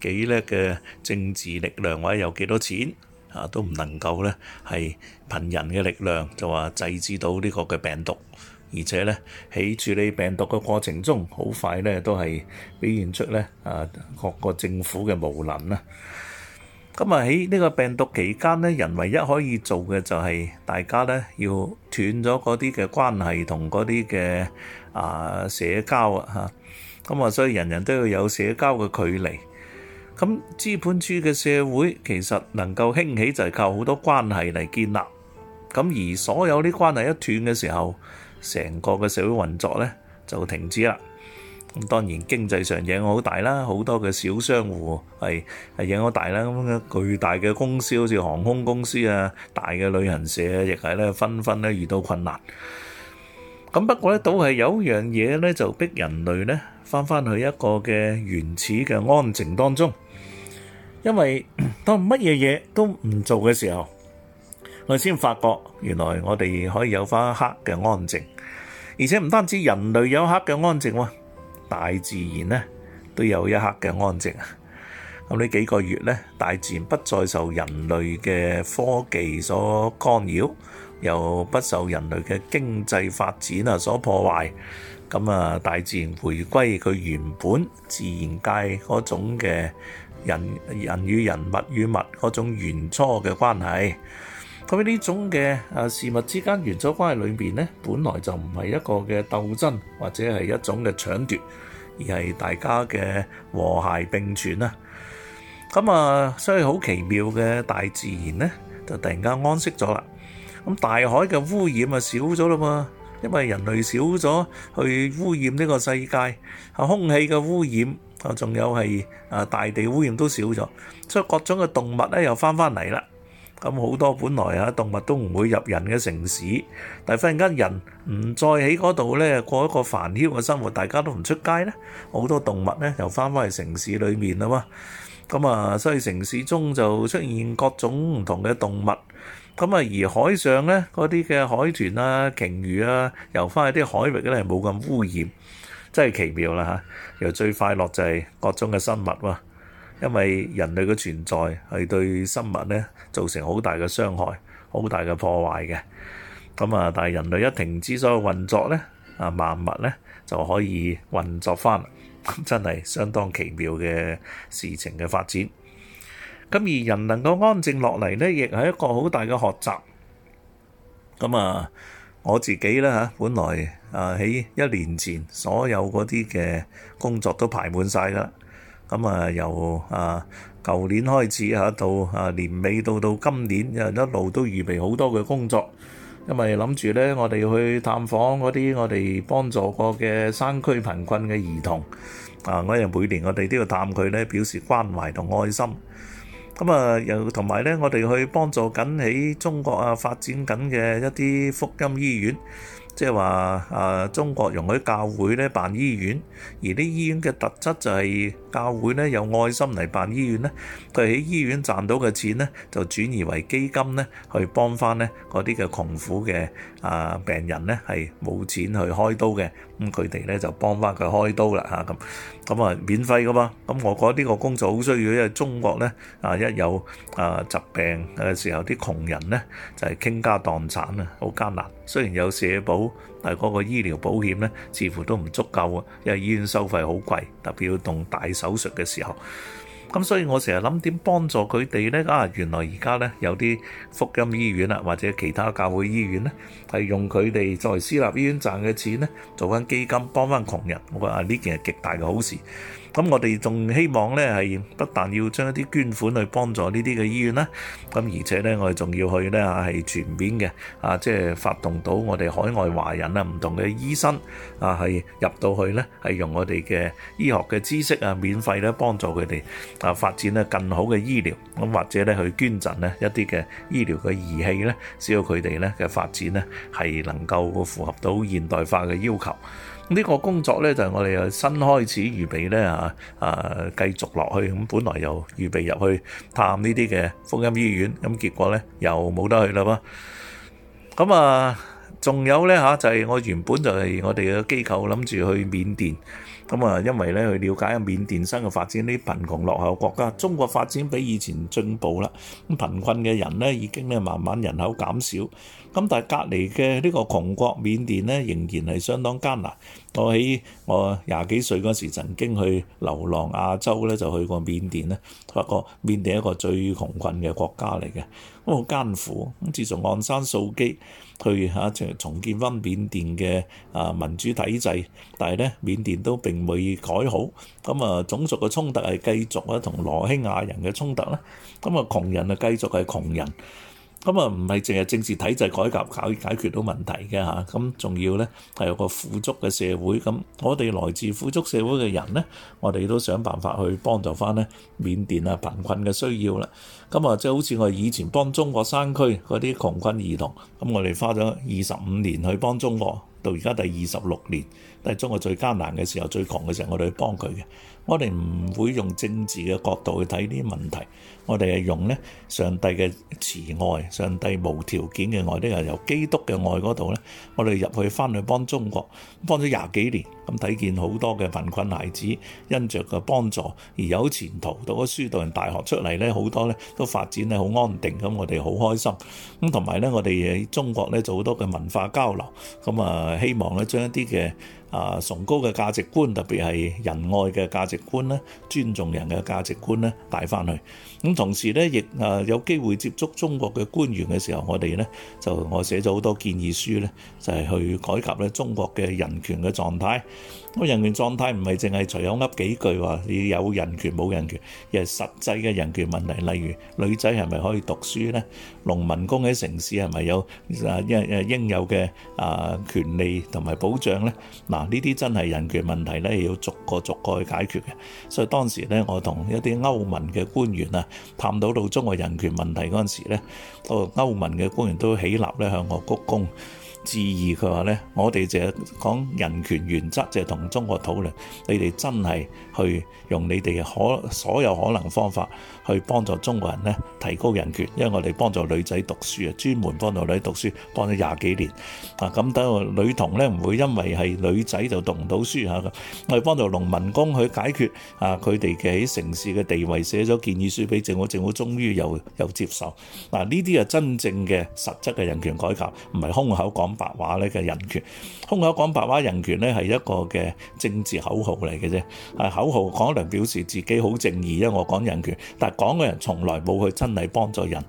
幾叻嘅政治力量，或者有幾多錢啊，都唔能夠咧，係憑人嘅力量就話制止到呢個嘅病毒。而且咧，喺處理病毒嘅過程中，好快咧都係表現出咧啊各個政府嘅無能啦。咁啊喺呢個病毒期間咧，人唯一可以做嘅就係大家咧要斷咗嗰啲嘅關係同嗰啲嘅啊社交啊嚇。咁啊，所以人人都要有社交嘅距離。咁資本主義嘅社會其實能夠興起就係靠好多關係嚟建立，咁而所有啲關係一斷嘅時候，成個嘅社會運作呢就停止啦。咁當然經濟上影響好大啦，好多嘅小商戶係係影響好大啦。咁嘅巨大嘅公司好似航空公司啊、大嘅旅行社啊，亦係呢紛紛呢遇到困難。咁不過呢，倒係有樣嘢呢，就逼人類呢返返去一個嘅原始嘅安靜當中。因為當乜嘢嘢都唔做嘅時候，我先發覺原來我哋可以有返一刻嘅安靜，而且唔單止人類有一刻嘅安靜喎，大自然呢都有一刻嘅安靜啊。咁呢幾個月呢，大自然不再受人類嘅科技所干擾，又不受人類嘅經濟發展啊所破壞，咁啊，大自然回歸佢原本自然界嗰種嘅。人人與人、物與物嗰種原初嘅關係，咁呢種嘅啊事物之間原初關係裏面呢，本來就唔係一個嘅鬥爭，或者係一種嘅搶奪，而係大家嘅和諧並存啦。咁啊，所以好奇妙嘅大自然呢，就突然間安息咗啦。咁大海嘅污染就少咗啦嘛，因為人類少咗去污染呢個世界，空氣嘅污染。啊，仲有係啊，大地污染都少咗，所以各種嘅動物咧又翻翻嚟啦。咁好多本來啊動物都唔會入人嘅城市，但係忽然間人唔再喺嗰度咧過一個繁囂嘅生活，大家都唔出街咧，好多動物咧又翻返去城市裏面吖嘛。咁啊，所以城市中就出現各種唔同嘅動物。咁啊，而海上咧嗰啲嘅海豚啊、鯨魚啊，遊翻去啲海域咧冇咁污染。真係奇妙啦嚇！又最快樂就係各種嘅生物，因為人類嘅存在係對生物呢造成好大嘅傷害，好大嘅破壞嘅。咁啊，但係人類一停止所有運作呢，啊萬物呢就可以運作翻，真係相當奇妙嘅事情嘅發展。咁而人能夠安靜落嚟呢，亦係一個好大嘅學習。咁啊，我自己呢嚇，本來。啊！喺一年前，所有嗰啲嘅工作都排滿晒啦。咁啊，由啊舊年開始嚇到啊年尾到到今年，又一路都預備好多嘅工作，因為諗住咧，我哋去探訪嗰啲我哋幫助過嘅山區貧困嘅兒童。啊！我哋每年我哋都要探佢咧，表示關懷同愛心。咁啊，又同埋咧，我哋去幫助緊喺中國啊發展緊嘅一啲福音醫院。即係話啊，中國容許教會咧辦醫院，而啲醫院嘅特質就係、是、教會咧有愛心嚟辦醫院咧，佢喺醫院賺到嘅錢咧就轉移為基金咧，去幫翻咧嗰啲嘅窮苦嘅啊病人咧係冇錢去開刀嘅，咁佢哋咧就幫翻佢開刀啦嚇咁。啊咁啊，嗯、免費噶嘛，咁、嗯、我覺得呢個工作好需要，因為中國呢，啊，一有啊疾病嘅時候，啲窮人呢就係、是、傾家蕩產啊，好艱難。雖然有社保，但係嗰個醫療保險呢，似乎都唔足夠啊，因為醫院收費好貴，特別要動大手術嘅時候。咁所以，我成日諗點幫助佢哋呢？啊，原來而家呢，有啲福音醫院啊，或者其他教會醫院呢，係用佢哋作為私立醫院賺嘅錢呢，做翻基金幫翻窮人。我覺得呢件係極大嘅好事。咁我哋仲希望咧，係不但要將一啲捐款去幫助呢啲嘅醫院啦。咁而且咧，我哋仲要去咧啊，係全面嘅啊，即係發動到我哋海外華人啊，唔同嘅醫生啊，係入到去咧，係用我哋嘅醫學嘅知識啊，免費咧幫助佢哋啊，發展咧更好嘅醫療，咁、啊、或者咧去捐贈咧一啲嘅醫療嘅儀器咧，使到佢哋咧嘅發展咧係能夠符合到現代化嘅要求。呢個工作呢，就係我哋又新開始預備呢，嚇、啊，誒、啊、繼續落去咁，本來又預備入去探呢啲嘅福音醫院，咁結果呢，又冇得去啦噃。咁啊，仲有呢，嚇、啊，就係、是、我原本就係我哋嘅機構諗住去緬甸。咁啊，因為咧去了解下緬甸新嘅發展，呢啲貧窮落後嘅國家，中國發展比以前進步啦。咁貧困嘅人咧，已經咧慢慢人口減少。咁但係隔離嘅呢個窮國緬甸咧，仍然係相當艱難。我喺我廿幾歲嗰時曾經去流浪亞洲咧，就去過緬甸咧，發覺緬甸一個最窮困嘅國家嚟嘅。都好艱苦咁，自從昂山素姬去嚇重建翻緬甸嘅啊民主體制，但係咧緬甸都並未改好，咁啊種族嘅衝突係繼續啦，同羅興亞人嘅衝突咧，咁啊窮人啊繼續係窮人。咁啊，唔係淨係政治體制改革搞解決到問題嘅嚇，咁、啊、仲、嗯、要咧係有個富足嘅社會。咁、嗯、我哋來自富足社會嘅人咧，我哋都想辦法去幫助翻咧緬甸啊貧困嘅需要啦。咁、嗯、啊，即、嗯、係、就是、好似我以前幫中國山區嗰啲窮困兒童，咁、嗯、我哋花咗二十五年去幫中國，到而家第二十六年，都係中國最艱難嘅時候、最窮嘅時候，我哋去幫佢嘅。我哋唔會用政治嘅角度去睇呢啲問題。我哋係用咧上帝嘅慈愛，上帝無條件嘅愛，呢個由基督嘅愛嗰度咧，我哋入去翻去幫中國，幫咗廿幾年，咁睇見好多嘅貧困孩子因着個幫助而有前途，讀咗書讀完大學出嚟咧，好多咧都發展係好安定，咁我哋好開心。咁同埋咧，我哋喺中國咧做好多嘅文化交流，咁啊希望咧將一啲嘅啊崇高嘅價值觀，特別係仁愛嘅價值觀咧，尊重人嘅價值觀咧，帶翻去咁。同時咧，亦誒有機會接觸中國嘅官員嘅時候，我哋咧就我寫咗好多建議書咧，就係去改革咧中國嘅人權嘅狀態。個人權狀態唔係淨係隨口噏幾句話，你有人權冇人權，而係實際嘅人權問題。例如女仔係咪可以讀書呢？農民工喺城市係咪有啊應有嘅啊權利同埋保障呢？嗱、啊，呢啲真係人權問題呢，要逐個逐個去解決嘅。所以當時呢，我同一啲歐盟嘅官員啊，探討到到中國人權問題嗰陣時咧，個歐盟嘅官員都起立咧向我鞠躬，質疑佢，話咧，我哋淨係講人權原則就係同中國討論，你哋真係去用你哋可所有可能方法去幫助中國人咧，提高人權。因為我哋幫助女仔讀書、讀書啊，專門幫助女讀書，幫咗廿幾年啊。咁等女童咧唔會因為係女仔就讀唔到書吓、啊，我哋幫助農民工去解決啊，佢哋嘅喺城市嘅地位，寫咗建議書俾政府，政府終於又又接受。嗱、啊，呢啲啊真正嘅實質嘅人權改革，唔係空口講白話咧嘅人權，空口講白話人權咧係一個嘅政治口號嚟嘅啫。啊，口號講嚟表示自己好正義，因為我講人權，但係講嘅人從來冇去真係幫助人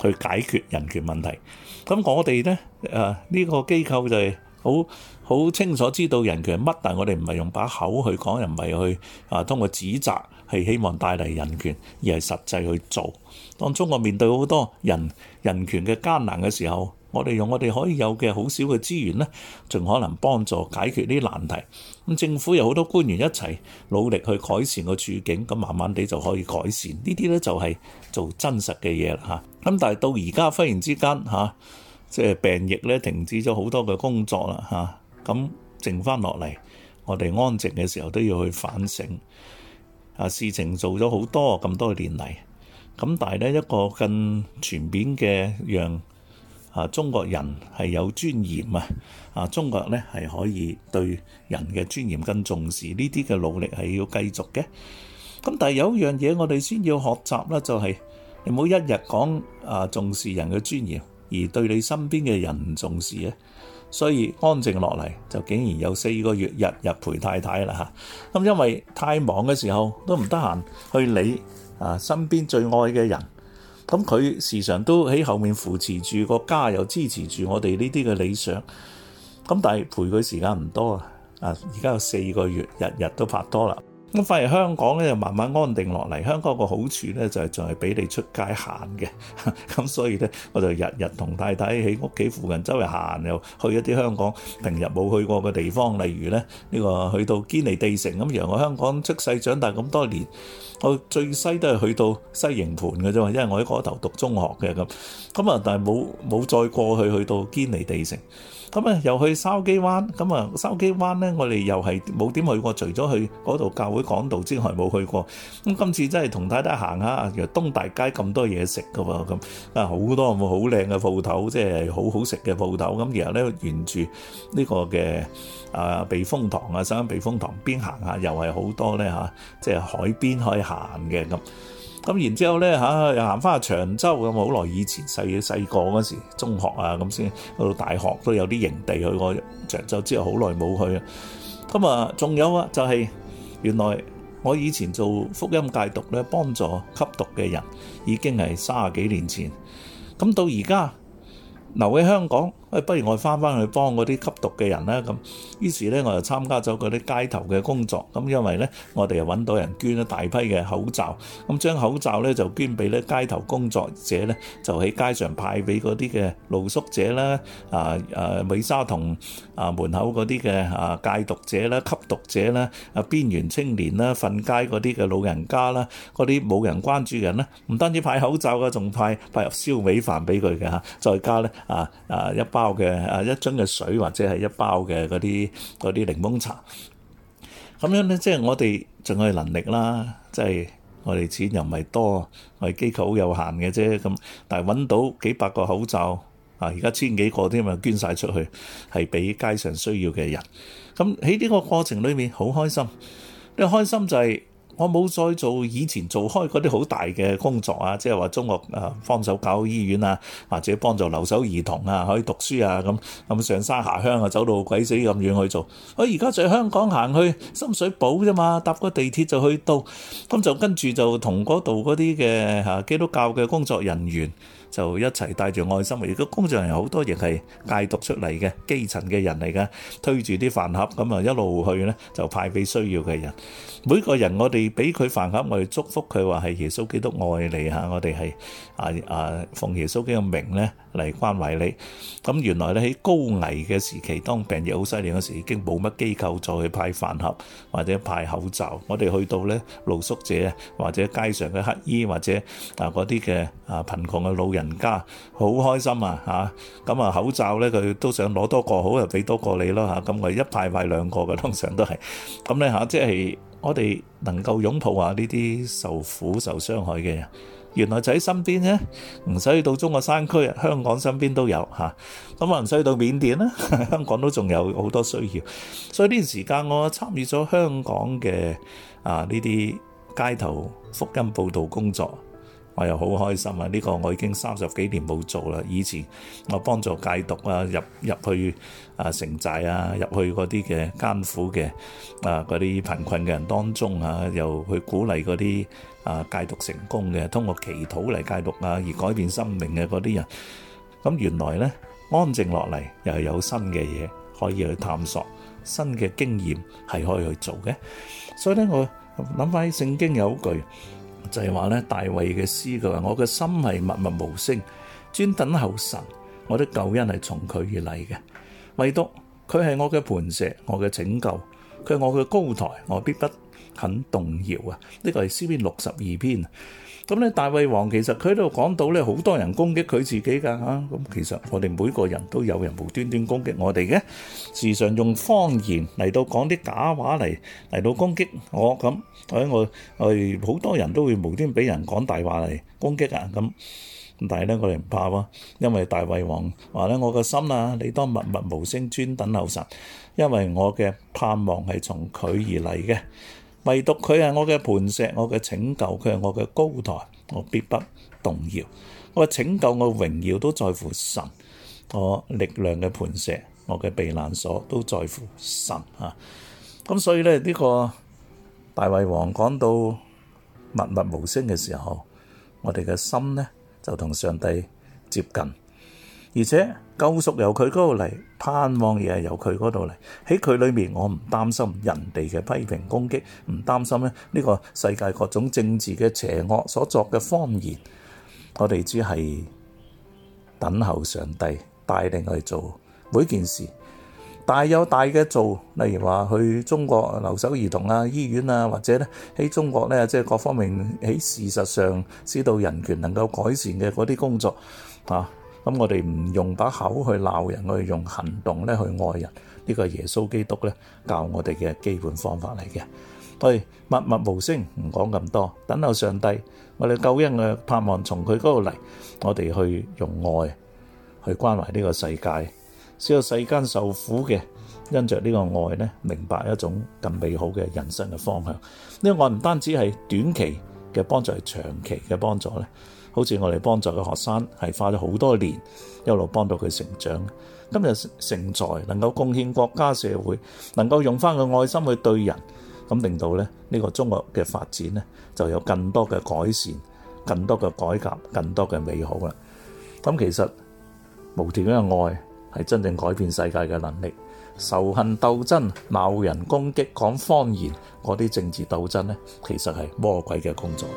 去解決人權問題。咁我哋咧誒呢、啊這個機構就係好好清楚知道人權係乜，但係我哋唔係用把口去講，唔係去啊通過指責係希望帶嚟人權，而係實際去做。當中國面對好多人人權嘅艱難嘅時候，我哋用我哋可以有嘅好少嘅資源呢，盡可能幫助解決啲難題。咁政府有好多官員一齊努力去改善個處境，咁慢慢地就可以改善。呢啲呢就係做真實嘅嘢啦嚇。咁但係到而家忽然之間嚇，即、啊、係、就是、病疫咧停止咗好多嘅工作啦嚇。咁、啊、剩返落嚟，我哋安靜嘅時候都要去反省。啊，事情做咗好多咁多年嚟，咁、啊、但係呢，一個更全面嘅讓。啊！中國人係有尊嚴啊！啊！中國咧係可以對人嘅尊嚴更重視，呢啲嘅努力係要繼續嘅。咁但係有一樣嘢，我哋先要學習啦，就係你冇一日講啊重視人嘅尊嚴，而對你身邊嘅人唔重視啊！所以安靜落嚟就竟然有四個月日日陪太太啦嚇。咁因為太忙嘅時候都唔得閒去理啊身邊最愛嘅人。咁佢時常都喺後面扶持住個家，又支持住我哋呢啲嘅理想。咁但係陪佢時間唔多啊！啊，而家有四個月，日日都拍拖啦。咁反而香港咧就慢慢安定落嚟。香港個好處咧就係仲係俾你出街行嘅。咁 所以咧我就日日同太太喺屋企附近周圍行，又去一啲香港平日冇去過嘅地方。例如咧呢、這個去到堅尼地城咁。因我香港出世長大咁多年，我最西都係去到西營盤嘅啫嘛。因為我喺嗰頭讀中學嘅咁。咁啊，但係冇冇再過去去到堅尼地城。咁啊，又去筲箕灣，咁啊，筲箕灣咧，我哋又係冇點去過，除咗去嗰度教會講道之外，冇去過。咁今次真係同太太行下，由東大街咁多嘢食㗎喎，咁啊好多好靚嘅鋪頭，即係好好食嘅鋪頭。咁然後咧沿住呢個嘅啊避風塘啊，新避風塘邊行下，又係好多咧嚇，即係海邊可以行嘅咁。咁然之後咧嚇，又行翻去長洲咁，好耐以前細細個嗰時，中學啊咁先去到大學都有啲營地去過長洲，之後好耐冇去。咁啊、就是，仲有啊，就係原來我以前做福音戒毒咧，幫助吸毒嘅人，已經係三十幾年前。咁到而家留喺香港。哎、不如我翻翻去幫嗰啲吸毒嘅人啦，咁於是咧，我就參加咗嗰啲街頭嘅工作。咁因為咧，我哋又揾到人捐咗大批嘅口罩，咁將口罩咧就捐俾咧街頭工作者咧，就喺街上派俾嗰啲嘅露宿者啦，啊啊美沙酮啊門口嗰啲嘅啊戒毒者啦、吸毒者啦、啊邊緣青年啦、瞓街嗰啲嘅老人家啦，嗰啲冇人關注嘅人咧，唔單止派口罩噶，仲派派入燒味飯俾佢嘅嚇，再加咧啊啊一包。包嘅啊，一樽嘅水或者係一包嘅嗰啲嗰啲檸檬茶，咁樣咧，即係我哋仲有能力啦，即係我哋錢又唔係多，我哋機構好有限嘅啫。咁但係揾到幾百個口罩啊，而家千幾個添啊，捐曬出去係俾街上需要嘅人。咁喺呢個過程裏面好開心，你開心就係。我冇再做以前做開嗰啲好大嘅工作啊，即係話中學啊幫手搞醫院啊，或者幫助留守兒童啊可以讀書啊咁，咁上山下鄉啊走到鬼死咁遠去做。我而家在香港行去深水埗啫嘛，搭個地鐵就去到，咁就跟住就同嗰度嗰啲嘅吓基督教嘅工作人員就一齊帶住愛心啊，如果工作人員好多亦係戒毒出嚟嘅基層嘅人嚟噶，推住啲飯盒咁啊一路去咧，就派俾需要嘅人。每個人我哋俾佢飯盒，我哋祝福佢話係耶穌基督愛你嚇，我哋係啊啊奉耶穌基督嘅名咧嚟關懷你。咁原來咧喺高危嘅時期，當病疫好犀利嗰時，已經冇乜機構再去派飯盒或者派口罩。我哋去到咧露宿者或者街上嘅乞衣或者啊嗰啲嘅啊貧窮嘅老人，人家好開心啊，吓咁啊！口罩咧，佢都想攞多個好，又俾多個你咯，吓咁我一派派兩個嘅，通常都係咁咧吓，即係我哋能夠擁抱下呢啲受苦受傷害嘅人，原來就喺身邊啫，唔使去到中國山區，香港身邊都有吓，咁唔使去到緬甸啦，香港都仲有好多需要，所以呢段時間我參與咗香港嘅啊呢啲街頭福音報道工作。我又好開心啊！呢個我已經三十幾年冇做啦。以前我幫助戒毒啊，入入去啊城寨啊，入去嗰啲嘅艱苦嘅啊嗰啲貧困嘅人當中呀，又去鼓勵嗰啲啊戒毒成功嘅，通過祈禱嚟戒毒啊而改變生命嘅嗰啲人。咁原來呢，安靜落嚟又係有新嘅嘢可以去探索，新嘅經驗係可以去做嘅。所以呢，我諗返起聖經有句。就係話咧，大衛嘅詩佢話：我嘅心係默默無聲，專等候神，我的救恩係從佢而嚟嘅。唯獨佢係我嘅磐石，我嘅拯救，佢係我嘅高台，我必不肯動搖啊！呢個係詩篇六十二篇。咁咧，大衛王其實佢度講到咧，好多人攻擊佢自己㗎。咁其實我哋每個人都有人無端端攻擊我哋嘅，時常用謊言嚟到講啲假話嚟嚟到攻擊我咁。喺我我哋好多人都會無端俾人講大話嚟攻擊啊。咁咁，但係咧我哋唔怕喎，因為大衛王話咧：我個心啊，你當默默無聲專等候神，因為我嘅盼望係從佢而嚟嘅。唯獨佢係我嘅磐石，我嘅拯救，佢係我嘅高台，我必不動搖。我嘅拯救，我嘅榮耀都在乎神，我力量嘅磐石，我嘅避難所都在乎神啊。咁所以咧呢、呢個大衛王講到默默無聲嘅時候，我哋嘅心咧就同上帝接近。而且救贖由佢嗰度嚟，盼望亦係由佢嗰度嚟。喺佢裏面，我唔擔心人哋嘅批評攻擊，唔擔心咧呢個世界各種政治嘅邪惡所作嘅謊言，我哋只係等候上帝帶領去做每件事。大有大嘅做，例如話去中國留守兒童啊、醫院啊，或者咧喺中國咧即係各方面喺事實上知道人權能夠改善嘅嗰啲工作啊。咁我哋唔用把口去鬧人，去用行動咧去愛人。呢個耶穌基督咧教我哋嘅基本方法嚟嘅。對，默默無聲，唔講咁多，等候上帝，我哋救恩嘅盼望從佢嗰度嚟，我哋去用愛去關懷呢個世界，使到世間受苦嘅因著呢個愛咧明白一種更美好嘅人生嘅方向。呢個愛唔單止係短期嘅幫助，係長期嘅幫助咧。好似我哋幫助嘅學生，係花咗好多年一路幫到佢成長，今日成才能夠貢獻國家社會，能夠用翻個愛心去對人，咁令到咧呢個中國嘅發展咧就有更多嘅改善、更多嘅改革、更多嘅美好啦。咁其實無條件嘅愛係真正改變世界嘅能力，仇恨鬥爭、鬧人攻擊、講謊言嗰啲政治鬥爭咧，其實係魔鬼嘅工作。